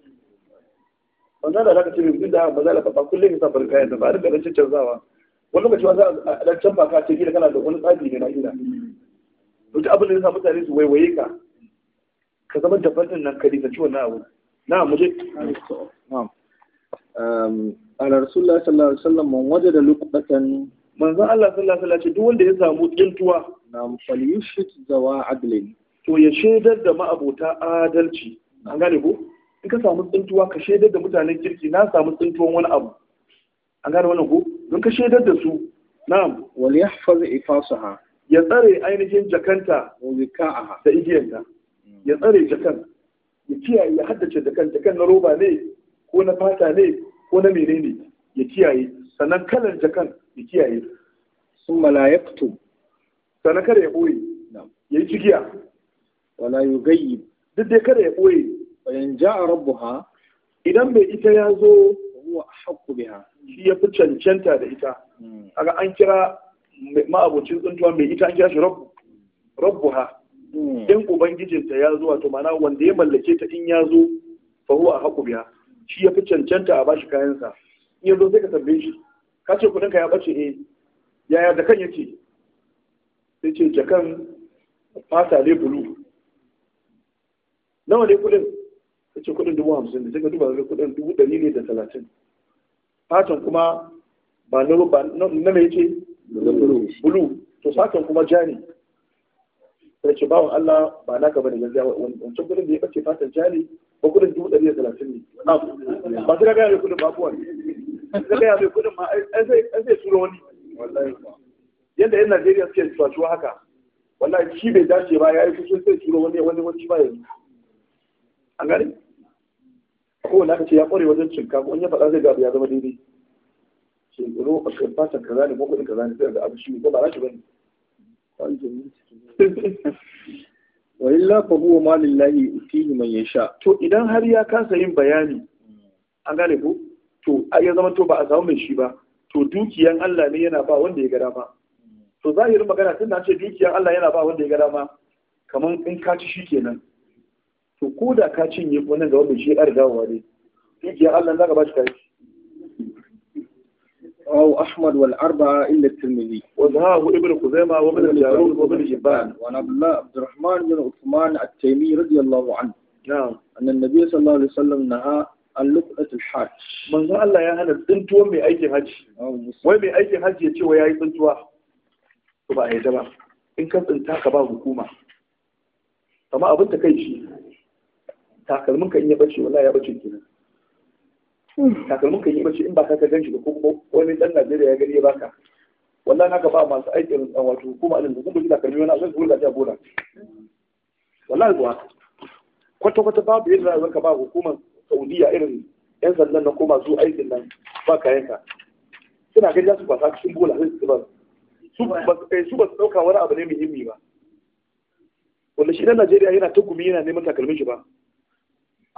manzo da zaka ce mai da ba za ka ba kullum ka bar kayan da ba da rancin canzawa wani lokaci ba za a dan can ba ka ce kana da wani tsafi ne na ina duk abin da ya sa mutane su waiwaye ka ka zama da fannin nan ka dinga ciwon na abu na mu je na'am ala rasulullah sallallahu alaihi wasallam man wajada luqatan manzo Allah sallallahu alaihi wasallam duk wanda ya samu tsintuwa na'am falyushit zawa adlin to ya shaidar da ma'abota adalci an gane ko in ka samu tsintuwa ka shaidar da mutanen kirki na samu tsintuwan wani abu an gane wannan ko don ka shaidar da su na'am wal yahfaz ifasaha ya tsare ainihin jakanta wuzika'aha da igiyanta ya tsare jakan ya kiyaye ya haddace jakan jakan na roba ne ko na fata ne ko na menene ya kiyaye sannan kalan jakan ya kiyaye sun malayaktu sannan kada ya ɓoye ya yi cikiya wala yu duk dai kada ya ɓoye bayan ja'a ha idan bai ita ya zo a haku biya. shi ya fi cancanta da ita kaga an kira ma'abocin tsuntuwa mai ita an kira shi rabu ha in ubangijinta ya zo wato mana wanda ya mallake ta in ya zo fa huwa haku biya. shi ya fi cancanta a bashi kayansa in ya zo sai ka tambaye shi ka ce kudinka ya bace eh yaya da kan yake sai ce jakan fata ne bulu nawa ne kudin ce kuɗin dubu hamsin da sai ka duba ga kuɗin dubu dari ne da talatin fatan kuma ba na ruba na mai ce bulu to fatan kuma jani. sai ce bawan Allah ba naka bane gaskiya wancan kuɗin da ya ɓace fatan jani ba kuɗin dubu dari da talatin ne ba su ka gaya mai kuɗin ba kuwa ne ka gaya mai kuɗin ma an sai tura wani yadda yan Najeriya suke tuwa haka wallahi shi bai dace ba ya yi kusur sai tura wani wani wani ba yanzu an gane kowane aka ce ya kware wajen cinka ko ya faɗa zai gabu ya zama daidai ce ro a kan fata kaza ne ko kudin kaza ne sai da abu shi ko ba na shi bane wa illa fa huwa malillahi lillahi utihi man yasha to idan har ya kasa yin bayani an gane ko to ya zama to ba a samu mai shi ba to dukiyan Allah ne yana ba wanda ya ga dama to zahirin magana tun na ce dukiyan Allah yana ba wanda ya ga dama kaman in ka ci shi kenan to ko da ka cinye wannan ga wanda shi ya riga wa ne dukiya Allah zaka ba shi kai أو أحمد والأربعة إلا الترمذي وذهاب ابن خزيمة وابن الجارود وابن حبان وعن عبد الرحمن بن عثمان التيمي رضي الله عنه نعم أن النبي صلى الله عليه وسلم نهى an lukudatul hajj manzo Allah ya hana tsintuwar mai aikin hajji wai mai aikin hajji ya ce wa yayi tsintuwa to ba a yadda ba in ka tsinta ka ba hukuma abin ta takalmin ka in ya bace wallahi ya bace kenan takalmin ka in ya bace in ba ka gan shi ba ko kuma wani dan Najeriya ya gani ya baka wallahi naka ba masu aikin ah, wato hukuma alin da kuma takalmi wani abin zuwa da bola wallahi zuwa kwata kwata babu yadda za ka ba hukumar Saudiya irin yan sandan na koma su aikin nan ba kayan ka suna ganin su kwasa cikin bola sai su ba su ba su dauka eh, wani abu ne muhimmi ba wanda shi na Najeriya yana ta gumi yana neman takalmin shi ba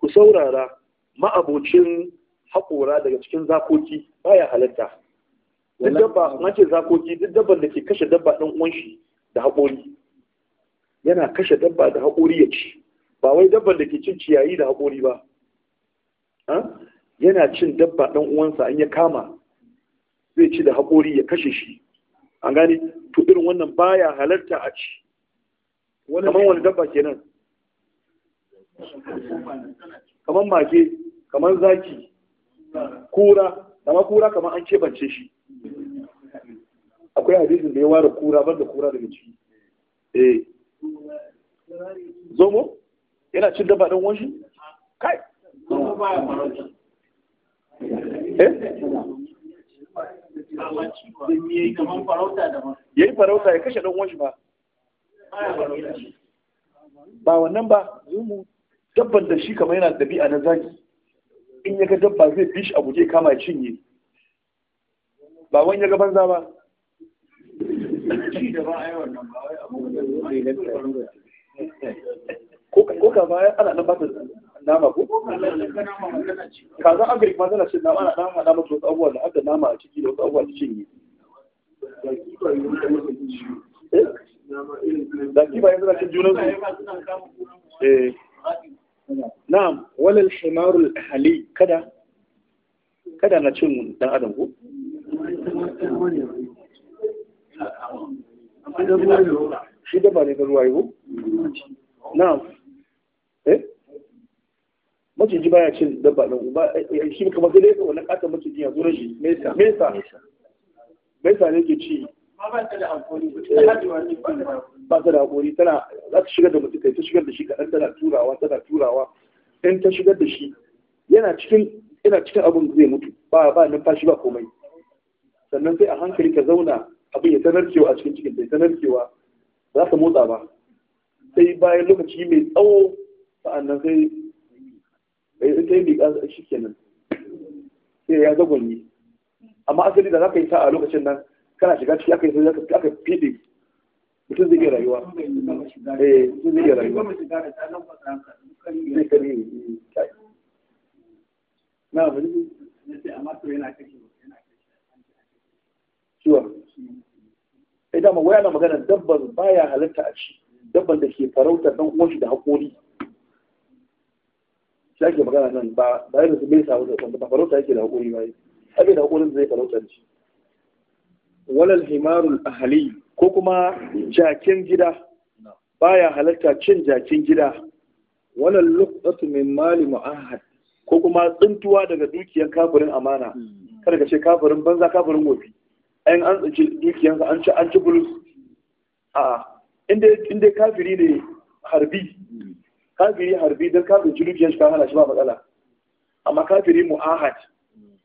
ku saurara ma'abocin haƙora daga cikin zakoki baya halatta duk dabba an ce zakoki duk dabban da ke kashe dabba ɗan uwanshi da haƙori yana kashe dabba da haƙori ya ci ba wai dabban da ke cin ciyayi da haƙori ba yana cin dabba ɗan uwansa an ya kama zai ci da haƙori ya kashe shi an gane to irin wannan baya halarta a ci kamar wani dabba kenan kamar mage kamar zaki kura amma kura kamar an keɓance shi akwai hadisin da ya ware kura banda kura daga ciki eh zomo yana cin daba ɗan wanshi kai eh? ya yi farauta ya kashe ɗan wanshi ba ba wannan ba zumu dabban da shi kamar yana ɗabi'a na zaki in ya ga dabba zai bi shi a guje kama cinye ba wani ya ga banza ba ko ka baya ana nan bata nama ko kaza agrik ma tana cin nama ana nama nama wasu abubuwa da aka nama a ciki da wasu abubuwa da cinye da eh? ba yanzu na cin junan su eh. na'am walal himarul hali kada kada na cin dan adam ko shi da ba ne ruwa yi ko na'am eh maciji baya cin dabba ɗin ba eh, eh, shi kamar sai wani wannan ƙaton maciji ya zo shi, mesa mesa mesa ne ke ci ba ta da hankali eh, tana za ta shigar da mutum kai ta shigar da shi kaɗan tana turawa tana turawa in ta shigar da shi yana cikin yana cikin abin da zai mutu ba ba numfashi ba komai sannan sai a hankali ka zauna abin ya sanar cewa a cikin cikin sai sanar cewa za ka motsa ba sai bayan lokaci mai tsawo sa'annan sai bai eh, sai mai ƙasa shi kenan sai ya zagonye amma asali da za ka yi sa'a lokacin nan kana shiga ciki aka yi sai aka fide mutum zai iya rayuwa eh mutum zai iya rayuwa zai eh, na ba ne ciwa eh dama waya na magana dabbar baya halatta a ci dabban da ke farautar dan uwan shi da haƙori shi ake magana nan ba ba yadda su bai sa wuce ba farauta yake da haƙori ba ake da haƙorin zai farauta da shi walal himarul ahali ko kuma jakin gida baya halatta cin jakin gida walal luqatu min mali mu'ahad ko kuma tsintuwa daga dukiyar kafirin amana kada ka ce kafirin banza kafirin gobe ayin an tsinci dukiyarsa an ci an ci bulus a inda kafiri ne harbi kafiri harbi don kafirin ci dukiyar shi ka hana shi ba matsala amma kafiri mu'ahad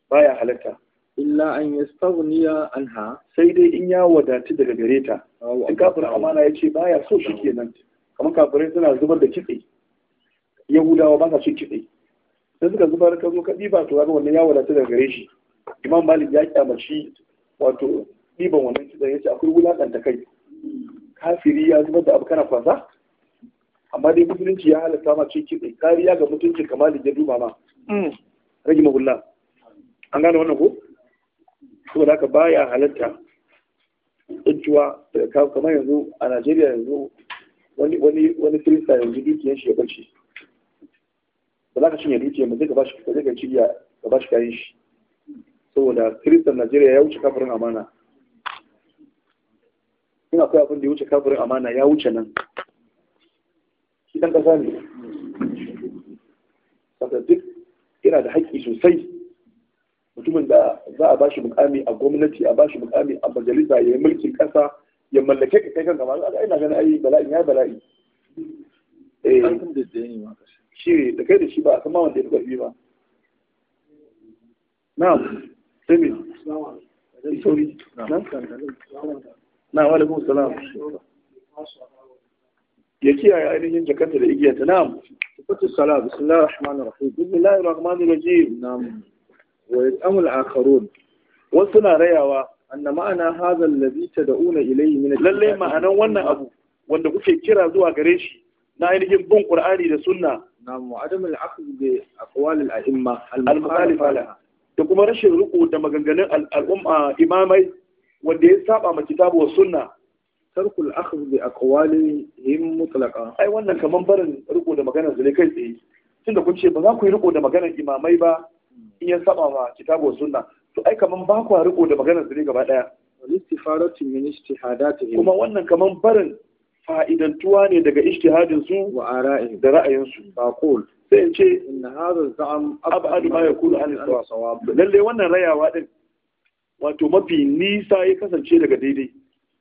baya halatta illa an yastaghniya anha sai dai in ya wadatu daga gare ta in kafin amana ya ce baya so shi kenan kamar kafirai suna zubar da kitse yahudawa ba sa cin kitse sai suka zubar ka zo ka ɗiba to kaga wannan ya wadatu daga gare shi imam malik ya kyamaci wato ɗiban wannan kitse ya ce akwai wulaƙanta kai kafiri ya zubar da abu kana kwasa amma dai musulunci ya halatta ma cin kitse kariya ga mutuncin kamar da duba ma mm. rage magulla an gane wannan ko saboda haka baya halatta tsintuwa daga kamar yanzu a najeriya yanzu wani kirista yanzu dukiyar shi ya bace ba za ka cinye dukiyar mu zai ka bashi sai ka ciya bashi kayan shi saboda kiristan najeriya ya wuce kafirin amana in akwai abin da ya wuce kafirin amana ya wuce nan shi dan kasa ne saka duk yana da haƙƙi sosai mutumin da za a bashi mukami a gwamnati a bashi mukami a majalisa ya yi mulkin kasa ya mallake ka kai kan ba za ina ganin ai bala'i ya bala'i eh shi da kai da shi ba a kama wanda ya karbi ba na'am sai me sorry na'am wa alaikum salam ya kiyaye ainihin jakanta da igiyanta na'am tafatus salam bismillahir rahmanir rahim bismillahir rahmanir rahim na'am wa yatsamul akharun wasu na rayawa anna ma'ana hadha alladhi tad'una ilayhi min lalle ma'anan wannan abu wanda kuke kira zuwa gare shi na ainihin bin qur'ani da sunna na mu'adam al-aqd bi aqwal al-a'imma al-mukhalifa da kuma rashin riko da maganganun al'umma imamai wanda ya saba ma kitabu wa sunna tarkul akhdh bi aqwalihim mutlaqa ai wannan kaman barin riko da maganar su ne kai tsaye tunda kun ce ba za ku yi riko da maganar imamai ba in ya saba ma kitabu sunna to ai kaman ba ku riko da maganar su ne gaba daya istifaratu min ijtihadatihim kuma wannan kaman barin fa'idantuwa ne daga ijtihadin su wa ara'i da ra'ayin su ba qul sai in ce inna hadha za'am ab'ad ma yakulu an sawab lalle wannan rayawa din wato mafi nisa ya kasance daga daidai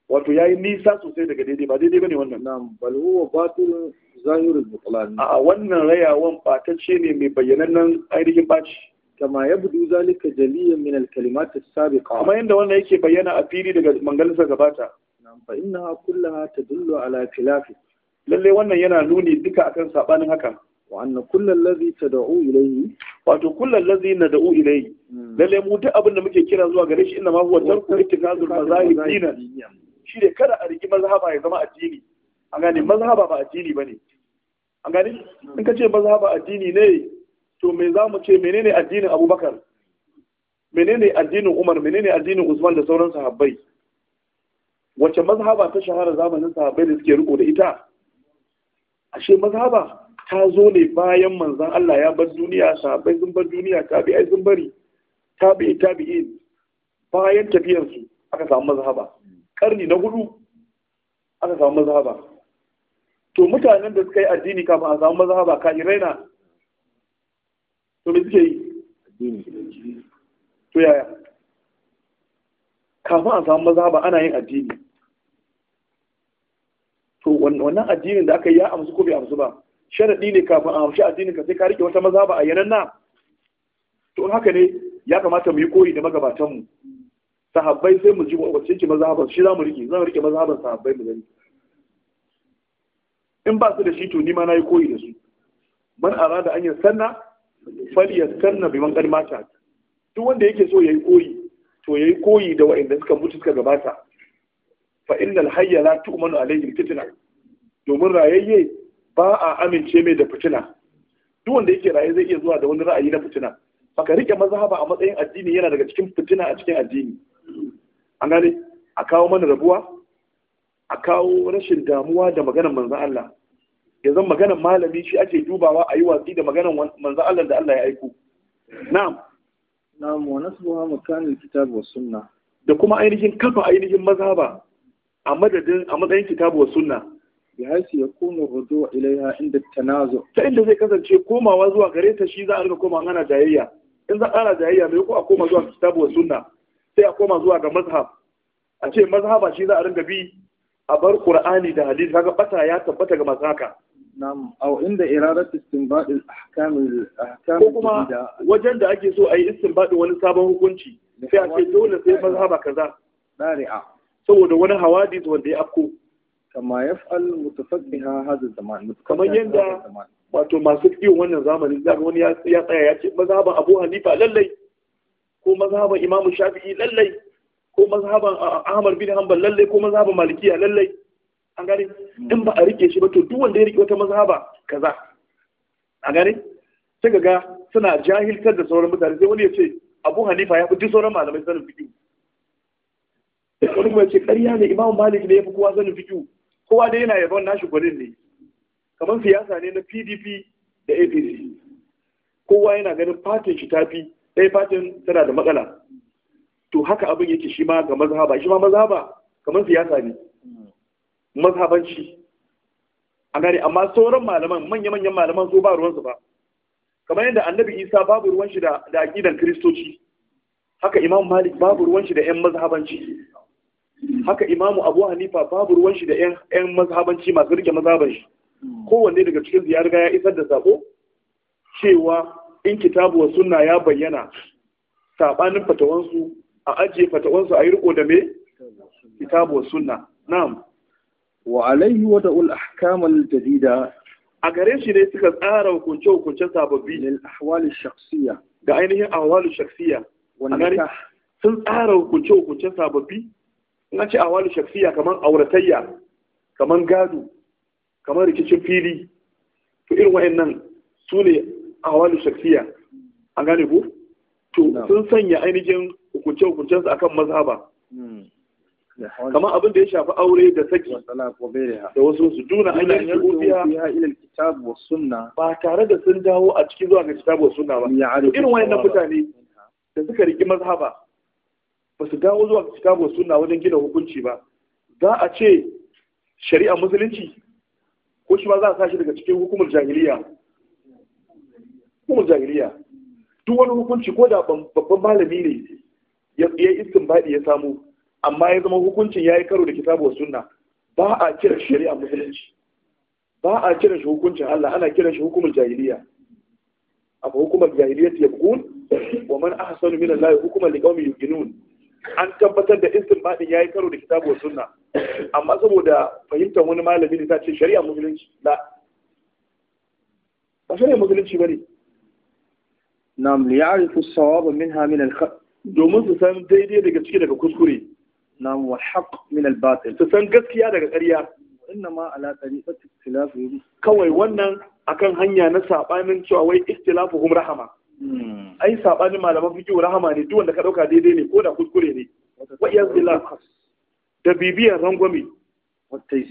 wato yayi nisa sosai daga daidai ba daidai bane wannan na'am bal huwa batil zahirul mutlan a wannan rayawan batacce ne mai bayyanannan ainihin baci kama ya budu zalika jaliyan min al-kalimat as-sabiqa amma inda wannan yake bayyana a fili daga mangalinsa gabata nan fa innaha kullaha tadullu ala khilaf lalle wannan yana nuni duka akan sabanin haka wa anna kullal ladhi tad'u ilayhi wato kullal ladhi nad'u ilayhi hmm. lalle mu duk abin da muke kira zuwa gare shi inna ma huwa tarku ittikazul mazahib dinan shi ne kada a riki mazhaba ya zama addini an gane mazhaba ba addini bane an gane in ka ce mazhaba addini ne to me za mu ce menene addinin abubakar menene addinin umar menene addinin usman da sauran sahabbai wacce mazhaba ta shahara zamanin sahabbai da suke riko da ita ashe mazhaba ta zo ne bayan manzan Allah ya bar duniya sahabbai sun bar duniya tabi'ai sun bari tabi'i tabi'in bayan tafiyar su aka samu mazhaba karni na hudu aka samu mazhaba to mutanen da suka yi addini kafin a samu mazhaba kafirai raina? to me suke yi to yaya kafin a samu ba ana yin addini to wannan addinin da aka yi ya amsu ko bai amsu ba sharaɗi ne kafin a amshi addinin ka sai ka rike wata maza ba a yanan na to haka ne ya kamata mu yi koyi da magabatanmu sahabbai sai mu ji wacce maza mazhaban shi za mu rike za mu rike mazhaban sahabbai mu gani in ba su da shi to ni ma na yi koyi da su man arada an yi sanna falyaskarna biman qad mata duk wanda yake so yayi koyi to yayi koyi da wa'anda suka mutu suka gabata fa innal hayya la tu'manu alayhi fitna domin rayayye ba a amince mai da fitina duk wanda yake raye zai iya zuwa da wani ra'ayi na fitina baka rike mazhaba a matsayin addini yana daga cikin fitina a cikin addini an gane a kawo mana rabuwa a kawo rashin damuwa da maganar manzon Allah ya zan maganan malami shi ake dubawa a yi watsi da maganan manzan Allah da Allah ya aiko na'am na'am wa nasbuha makanin kitab wa sunna da kuma ainihin kafa ainihin mazhaba a madadin a matsayin kitab wa sunna bi haisi ya kuma rudu ilaiha inda nazo. ta inda zai kasance komawa zuwa gare ta shi za a riga koma ana jayayya in za a ƙara jayayya mai ko a koma zuwa kitab wa sunna sai a koma zuwa ga mazhab a ce mazhaba shi za a ringa bi a bar qur'ani da hadisi kaga bata ya tabbata ga masu haka Nam, au ko kuma wajen da ake so a yi istinbadin wani sabon hukunci sai a ce dole sai mazhaba kaza dari'a saboda wani hawadis wanda ya afko kama yaf'al mutafaqqiha hadha zaman kamar yanda wato masu kiyon wannan zamanin zaga wani ya tsaya ya ce Abu lallai ko mazhaban Imam Shafi'i lallai ko mazhaban ah, Ahmad bin Hanbal lallai ko mazhaban Malikiya lallai an gane hmm. in ba a rike shi ba to duk wanda ya rike wata mazhaba kaza a gane sai ga suna jahilkar da sauran mutane sai wani ya ce Abu Hanifa ya fi duk sauran malamai sanin fiqh wani kuma ya ce ƙarya ne Imam Malik ne ya fi kowa sanin fiqh kowa dai yana yabon nashi gwanin ne kamar siyasa ne na PDP da APC kowa yana ganin fatin shi tafi ɗaya eh, fatin tana da matsala to haka abin yake shi ma ga mazhaba shi ma mazhaba kamar siyasa ne mazhabanci A gani amma sauran malaman manya-manyan malaman su ba ruwansu ba kamar yadda annabi isa babu ruwan shi da aƙidan kiristoci haka imam malik babu ruwan shi da 'yan mazhabanci haka imamu abu hanifa babu ruwan shi da 'yan mazhabanci masu rike mazhabanci kowanne daga cikin ya riga ya isar da sabo cewa in kitabu wa sunna ya bayyana sabanin fatawansu a ajiye fatawansu a yi riko da me kitabu wa sunna na'am wa alaihi wa da'ul ahkamal jadida a gare shi ne suka tsara hukunce hukunce sababbi lil ahwal shakhsiyya ga ainihin ahwal shakhsiyya wanda sun tsara hukunce hukunce sababbi in ce ahwal shakhsiyya kamar auratayya kamar gado kamar rikicin fili to irin wayannan su ne ahwal shakhsiyya an gane ko to sun sanya ainihin hukunce hukuncensu akan mazhaba hmm. kamar abin da ya shafi aure da saki da wasu wasu, duna an yi rubiya ila kitab wa sunna ba tare da sun dawo a cikin zuwa ga kitab wa sunna ba irin wayannan mutane da suka riki mazhaba ba su dawo zuwa ga kitab wa sunna wajen gina hukunci ba za a ce shari'a musulunci ko shi ma za a sa shi daga cikin hukumar jahiliya hukumar jahiliya duk wani hukunci ko da babban malami ne ya iskin baɗi ya samu amma ya zama hukuncin ya yi karo da kitabu wa sunna ba a kiran shari'a musulunci ba a kiran shi hukuncin Allah ana kiran shi hukumar jahiliya abu hukumar jahiliya ta yabqun wa man ahsanu min Allah hukuman liqaumin yuqinun an tabbatar da istinbadin yayi karo da kitabu wa sunna amma saboda fahimtar wani malami ne ta ce shari'a musulunci la ba shari'a musulunci bane nam liya'rifu as-sawaba minha min al-khata domin su san daidai daga ciki daga kuskure na wa haqq min al batil su san gaskiya daga ƙarya inna ma ala tariqati ikhtilafuhum kawai wannan akan hanya na saɓanin cewa wai ikhtilafuhum rahama ai saɓanin malaman fiqh rahama ne duk wanda ka dauka daidai ne ko da kuskure ne wa iyaz billah da bibiyar rangwame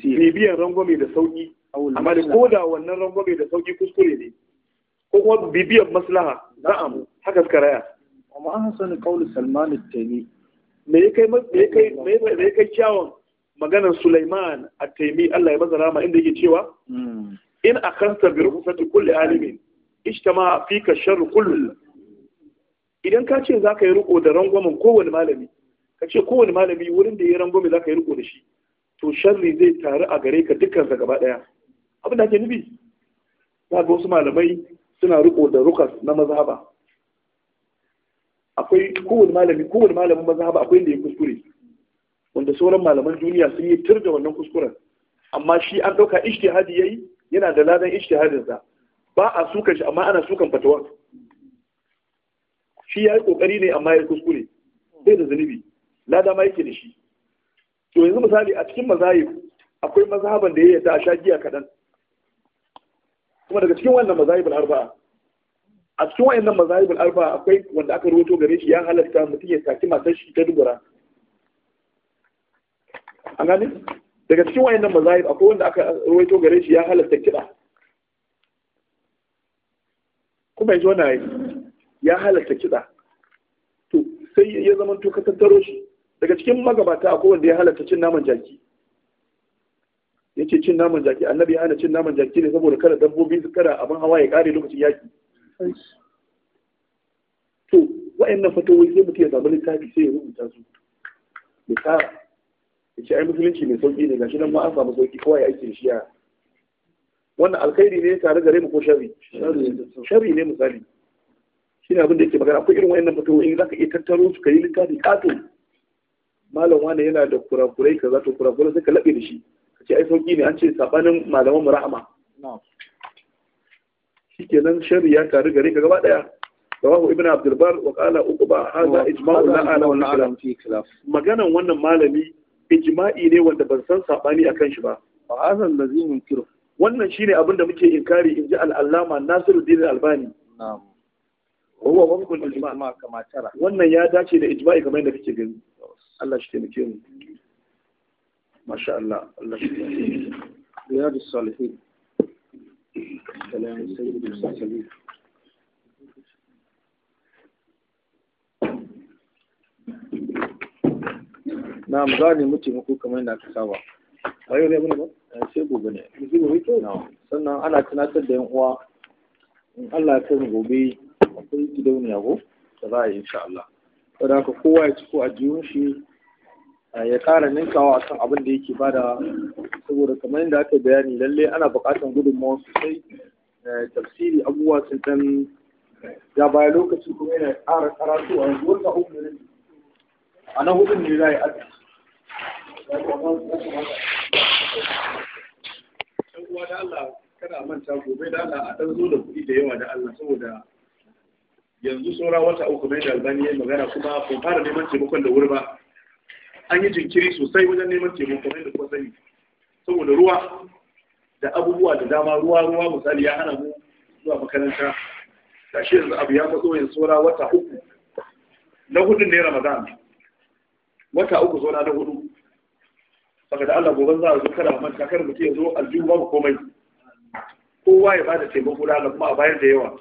Bibiyar rangwame da sauƙi. amma da koda wannan rangwame da sauƙi kuskure ne ko kuma bibiyar maslaha na'am haka suka raya amma an hasani qawli salman at me kai me kai kyawun maganar Sulaiman a taimi Allah ya maza rama inda yake cewa hmm. in akanta bi rufati kulli alimin ishtama fika sharru kullu idan ka ce zaka yi riko da rangwamen kowane malami ka ce kowane malami wurin da ya rangwame zaka yi riko da shi to sharri zai taru a gare ka dukkan sa gaba daya abin da ke nufi za ga wasu malamai suna riko da rukas na mazhaba akwai kowane malami kowane malamin haɓa akwai da ya kuskure wanda sauran malaman duniya sun yi tur da wannan kuskuren amma shi an ɗauka dauka ya yi, yana da ladan ijtihadin sa ba a sukan shi amma ana sukan fatawa shi ya yi ƙoƙari ne amma ya kuskure sai da zunubi lada ma yake da shi to yanzu misali a cikin mazahib akwai mazhaban da ya yarda a sha giya kaɗan. kuma daga cikin wannan mazahibul arba'a a cikin wayannan mazahibul arba akwai wanda aka rawaito gare shi ya halatta mutum ya saki matar shi ta dubura an gane daga cikin wayannan mazahib akwai wanda aka rawaito gare shi ya halatta kiɗa kuma yanzu wani ya halatta kiɗa to sai ya zama to ka tattaro shi daga cikin magabata akwai wanda ya halatta cin naman jaki yace cin naman jaki annabi ya hana cin naman jaki ne saboda kada dabbobi su kada abin hawa ya kare lokacin yaki san to wa'annan fatawoyi sai mutum ya samu littafi sai ya rubuta su ya tsara ya ce ai musulunci mai sauƙi ne gashi nan ma an samu sauki kawai aiki da shi a wannan alkhairi ne tare gare mu ko shari shari ne misali shi ne abin da yake magana akwai irin wa'annan in za ka iya tattaro su ka yi littafi ƙato malam wani yana da kurakurai kaza to kurakurai sai ka laɓe da shi ka ce ai sauƙi ne an ce sabanin malaman mu rahama shikenan shari ya karu gare ka gaba daya rawahu ibn abdul bar wa qala uqba hadha ijma'u la ala wa la fi khilaf maganan wannan malami ijma'i ne wanda ban san sabani akan shi ba fa hadha allazi yunkiru wannan shine abin da muke inkari inji al-allama nasiruddin albani na'am huwa wafqul ijma' kama tara wannan ya dace da ijma'i kamar yadda kake gani Allah shi taimake mu masha Allah Allah shi taimake mu riyadus salihin كلام سيد na'am za ne mutu muku kamar yadda aka saba ba yau ne bane ba eh, sai gobe ne sannan ana tunatar da yan uwa in Allah ya kai gobe akwai gidauniya ko da za a yi insha Allah saboda haka kowa ya ci ko a jiyun shi Eh, ya ƙara ninkawa kan abin da yake bada saboda kamar yadda aka bayani lalle ana buƙatar gudunmawa sosai eh, tafsiri abubuwa sun dan ya baya lokaci kuma yana ƙara karatu a yanzu wanda uku ne a nan hudun ne za a yi uwa da Allah kada manta gobe da Allah a ɗan zo da kuɗi da yawa da Allah saboda yanzu saura wata uku mai da albani ya magana kuma ban fara neman taimakon da wuri ba an yi jinkiri sosai wajen neman taimako kamar da kuma sani saboda ruwa da abubuwa da dama ruwa ruwa misali ya hana mu zuwa makaranta shi yanzu abu ya matso yin saura wata uku na hudun ne ramadan wata uku saura na hudu saka da Allah gobe za a zo kada manta kar mutum ya zo aljihu babu komai kowa ya bada taimako da Allah kuma a bayar da yawa